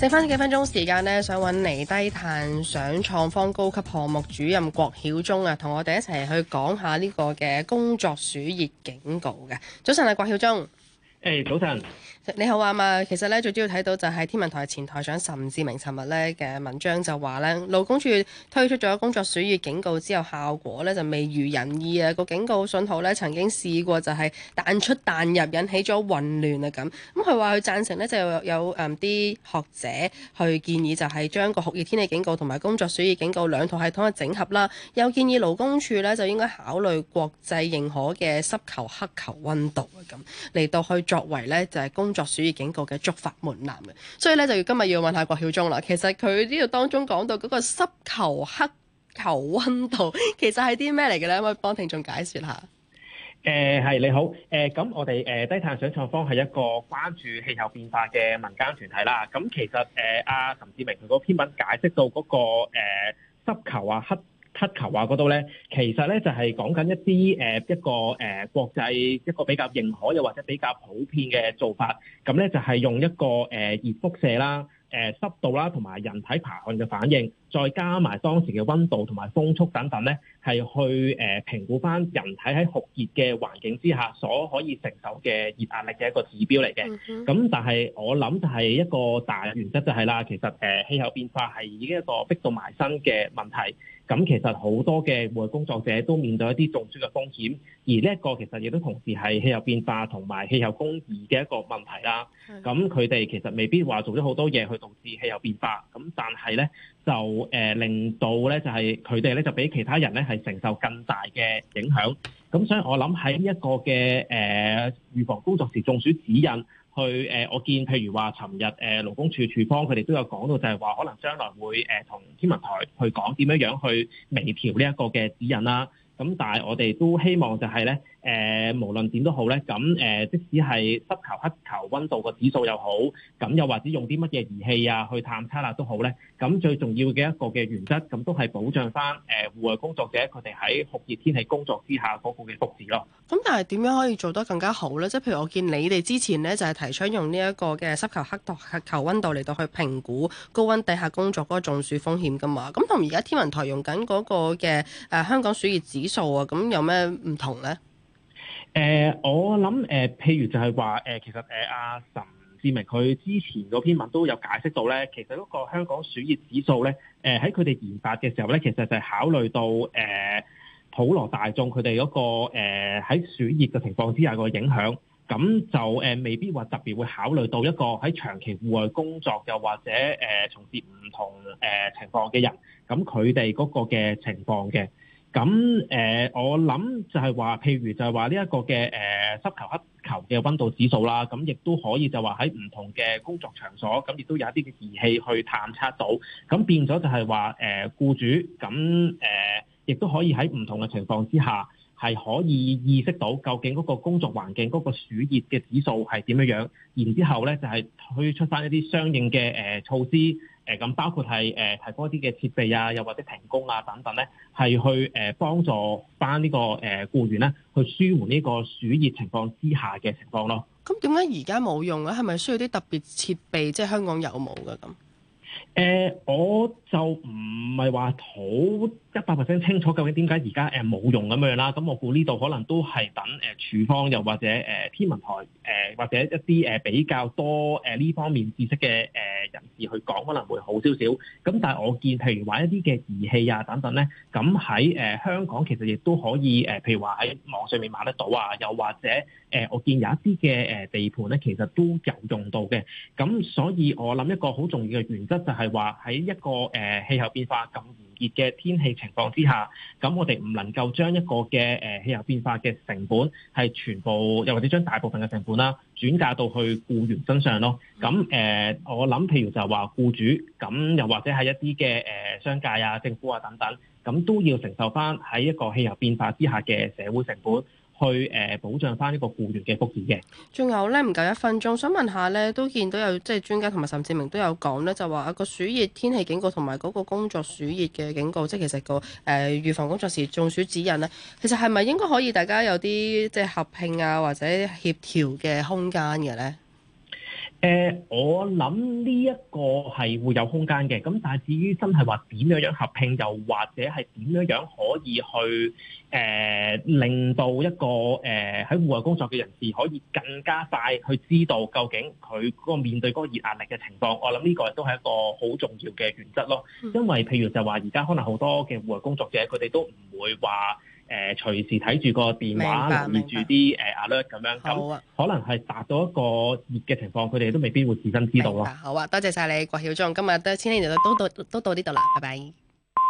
剩返幾分鐘時間呢，想搵嚟低碳想創坊高級項目主任郭曉忠啊，同我哋一齊去講下呢個嘅工作暑熱警告嘅。早晨啊，郭曉忠。誒，hey，早晨，你好啊嘛。其實咧，最主要睇到就係天文台前台長岑智明尋日咧嘅文章就話咧，勞工處推出咗工作暑熱警告之後，效果咧就未如人意啊。個警告信號咧曾經試過就係彈出彈入，引起咗混亂啊。咁咁佢話佢贊成咧，就又有啲學者去建議就係將個酷熱天氣警告同埋工作暑熱警告兩套系統嘅整合啦。又建議勞工處咧就應該考慮國際認可嘅濕球黑球溫度咁嚟到去。作為咧就係工作暑熱警告嘅觸發門檻嘅，所以咧就要今日要問下郭曉忠啦。其實佢呢度當中講到嗰個濕球黑球溫度，其實係啲咩嚟嘅咧？可唔可以幫聽眾解説下？誒，係你好，誒咁我哋誒低碳想創坊係一個關注氣候變化嘅民間團體啦。咁其實誒阿陳志明佢嗰篇文解釋到嗰個誒濕球啊黑黑球啊！嗰度咧，其實咧就係講緊一啲誒一個誒國際一個比較認可又或者比較普遍嘅做法，咁咧就係用一個誒熱輻射啦、誒濕度啦同埋人體排汗嘅反應。再加埋當時嘅溫度同埋風速等等咧，係去誒、呃、評估翻人體喺酷熱嘅環境之下所可以承受嘅熱壓力嘅一個指標嚟嘅。咁、mm hmm. 嗯、但係我諗就係一個大原則就係、是、啦，其實誒、呃、氣候變化係已經一個逼到埋身嘅問題。咁、嗯、其實好多嘅戶外工作者都面對一啲中暑嘅風險，而呢一個其實亦都同時係氣候變化同埋氣候公義嘅一個問題啦。咁佢哋其實未必話做咗好多嘢去導致氣候變化，咁、嗯、但係咧就誒、呃、令到咧就係佢哋咧就比其他人咧係承受更大嘅影響，咁、嗯、所以我諗喺呢一個嘅誒、呃、預防工作時中暑指引去，去、呃、誒我見譬如話，尋日誒勞工處處方佢哋都有講到，就係話可能將來會誒同、呃、天文台去講點樣樣去微調呢一個嘅指引啦、啊。咁但係我哋都希望就係咧，誒無論點都好咧，咁誒即使係濕球黑球溫度個指數又好，咁又或者用啲乜嘢儀器啊去探測啦都好咧，咁最重要嘅一個嘅原則，咁都係保障翻誒戶外工作者佢哋喺酷熱天氣工作之下嗰個嘅福祉咯。咁但係點樣可以做得更加好咧？即係譬如我見你哋之前咧就係提出用呢一個嘅濕球黑球黑球溫度嚟到去評估高溫地下工作嗰個中暑風險㗎嘛。咁同而家天文台用緊嗰個嘅誒香港暑熱指數啊，咁有咩唔同咧？誒、呃，我諗誒、呃，譬如就係話誒，其實誒阿岑志明佢之前嗰篇文都有解釋到咧，其實嗰個香港暑熱指數咧，誒喺佢哋研發嘅時候咧，其實就係考慮到誒、呃、普羅大眾佢哋嗰個誒喺暑熱嘅情況之下個影響，咁就誒、呃、未必話特別會考慮到一個喺長期戶外工作又或者誒從、呃、事唔同誒、呃、情況嘅人，咁佢哋嗰個嘅情況嘅。咁誒、呃，我諗就係話，譬如就係話呢一個嘅誒、呃、濕球黑球嘅温度指數啦，咁亦都可以就話喺唔同嘅工作場所，咁亦都有一啲嘅儀器去探測到，咁變咗就係話誒僱主，咁誒、呃、亦都可以喺唔同嘅情況之下，係可以意識到究竟嗰個工作環境嗰個暑熱嘅指數係點樣樣，然之後咧就係、是、推出返一啲相應嘅誒、呃、措施。誒咁包括係誒提供啲嘅設備啊，又或者停工啊等等咧，係去誒幫助翻呢個誒僱員咧，去舒緩呢個暑熱情況之下嘅情況咯。咁點解而家冇用咧？係咪需要啲特別設備？即係香港有冇㗎咁？誒、呃、我就唔係話好一百 percent 清楚究竟點解而家誒冇用咁樣啦，咁我估呢度可能都係等誒處方又或者誒、呃、天文台誒、呃、或者一啲誒比較多誒呢、呃、方面知識嘅誒人士去講可能會好少少。咁但係我見譬如話一啲嘅儀器啊等等咧，咁喺誒香港其實亦都可以誒、呃，譬如話喺網上面買得到啊，又或者誒、呃、我見有一啲嘅誒地盤咧其實都有用到嘅。咁所以我諗一個好重要嘅原則就係、是。係話喺一個誒氣候變化咁熱嘅天氣情況之下，咁我哋唔能夠將一個嘅誒氣候變化嘅成本係全部，又或者將大部分嘅成本啦轉嫁到去僱員身上咯。咁誒、呃，我諗譬如就係話僱主，咁又或者係一啲嘅誒商界啊、政府啊等等，咁都要承受翻喺一個氣候變化之下嘅社會成本。去誒保障翻呢個雇員嘅福祉嘅。仲有咧唔夠一分鐘，想問下咧，都見到有即係專家同埋甚志明都有講咧，就話個暑熱天氣警告同埋嗰個工作暑熱嘅警告，即係其實、個誒、呃、預防工作時中暑指引咧，其實係咪應該可以大家有啲即係合併啊或者協調嘅空間嘅咧？誒、呃，我諗呢一個係會有空間嘅，咁但係至於真係話點樣樣合併，又或者係點樣樣可以去誒、呃，令到一個誒喺戶外工作嘅人士可以更加快去知道究竟佢嗰個面對嗰個熱壓力嘅情況，我諗呢個都係一個好重要嘅原則咯。因為譬如就話而家可能好多嘅戶外工作者，佢哋都唔會話。誒隨時睇住個電話留意住啲誒 alert 咁樣，啊、可能係達到一個熱嘅情況，佢哋都未必會自身知道咯。好啊，多謝晒你郭曉忠，今日得千禧年代都到都到呢度啦，拜拜。